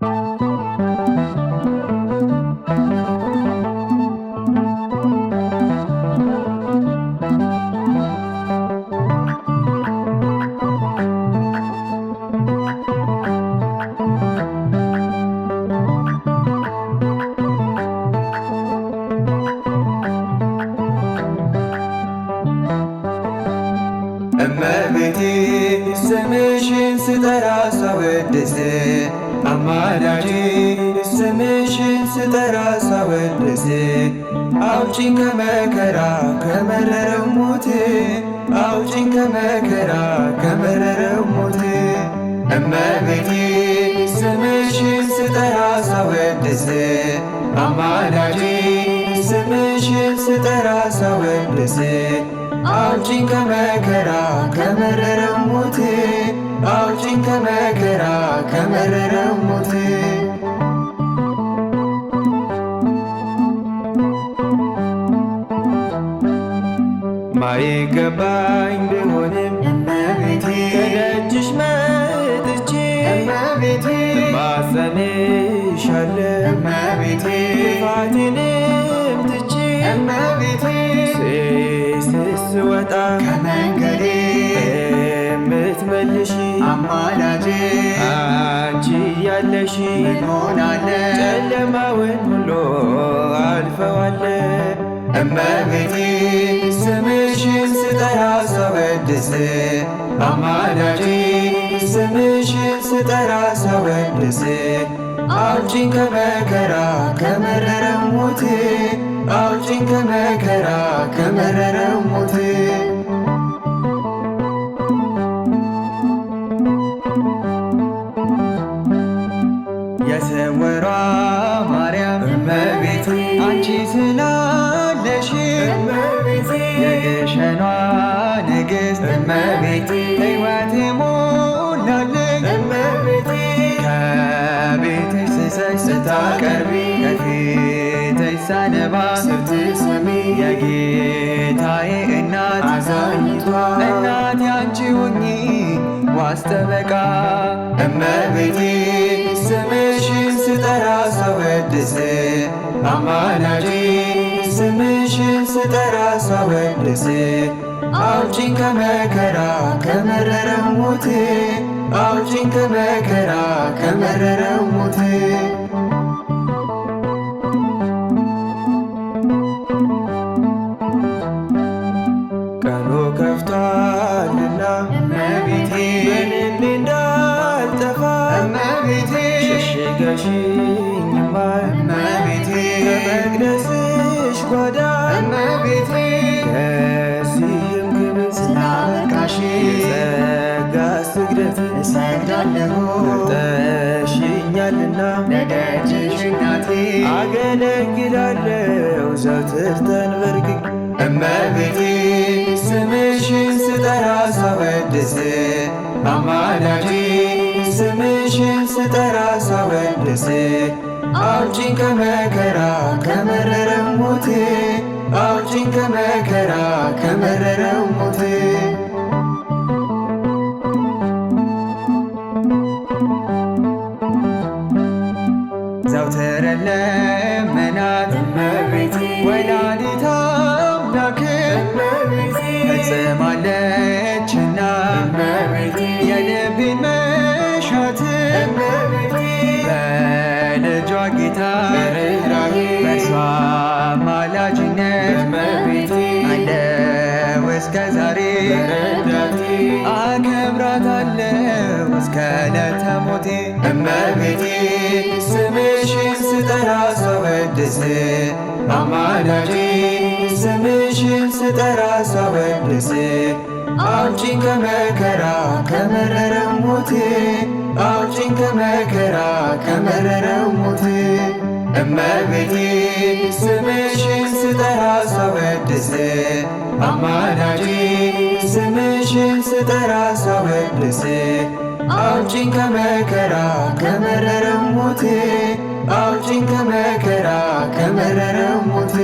Thank you. ስጠራ ሳወድስ አማራጭ ስምሽን ስጠራ ሳወድስ አውጪኝ ከመከራ ከመረረው ሞት አውጪኝ ከመከራ ከመረረው ሞት እመቤቴ ስምሽን ስጠራ ሳወድስ አማራጭ ስምሽን ስጠራ ሳወድስ አውጪኝ ከመከራ ከመረረው ሞት አውጪኝ ከመከራ ከመረረው ሞት ትሆናለሽ ጨለማውን ሁሉ አልፈዋለን። እመቤቴ ስምሽን ስጠራ ሰወድስ አማላጄ ስምሽን ስጠራ ሰወድስ አውጪኝ ከመከራ ከመረረ ሞት አውጪኝ ከመከራ ከመረረ ሞት መኗ ንግሥት እመቤቴ ሕይወቴ ሞላልኝ እመቤቴ ከቤትሽ ስሰሽ ስታቀርቢ ከፊትሽ ሳነባ ስትስሚ የጌታዬ እናት አዛኝቷ እናት ያንቺ ሁኚ ዋስተበቃ እመቤቴ ስምሽን ስጠራ ሰወድስ አማናጄ ስምሽን ስጠራ ሳወድስ አውጪኝ ከመከራ ከመረረው ሞት አውጪኝ ከመከራ ከመረረው ሞት ቀኑ ከፍቷልና እመቤቴ በንኔ እንዳልጠፋ እመቤቴ ሸሽገሽኝማ እመቤቴ ጓዳ ቤቴ ከዚህም ግብ ስላበቃሽ የጸጋ ስግደት እሰግዳለሁ ጠሽኛልና ነደጅሽ እናቴ አገለግላለሁ ዘውትር ተንበርክኬ እመቤቴ ስምሽን ስጠራ ሳወድስ አማላጄ ስምሽን ስጠራ ሳወድስ አውጪኝ ከመከራ ከመረረው ሞቴ አውጪኝ ከመከራ ከመረረው ሞቴ ዘውትር ለምናት እመቤቴ ወላዲተ አምላክ እመቤቴ እጽማለሁ ሕይወቴ እመቤቴ ስምሽን ስጠራ ሳወድስ አማላጄ ስምሽን ስጠራ ሳወድስ አውጪኝ ከመከራ ከመረረ ሞት አውጪኝ ከመከራ ከመረረው ሞት እመቤቴ ስምሽን ስጠራ ሳወድስ አማላጄ ስምሽን ስጠራ ሳወድስ አውጪኝ ከመከራ ከመረረ ሞቴ አውጪኝ ከመከራ ከመረረ ሞት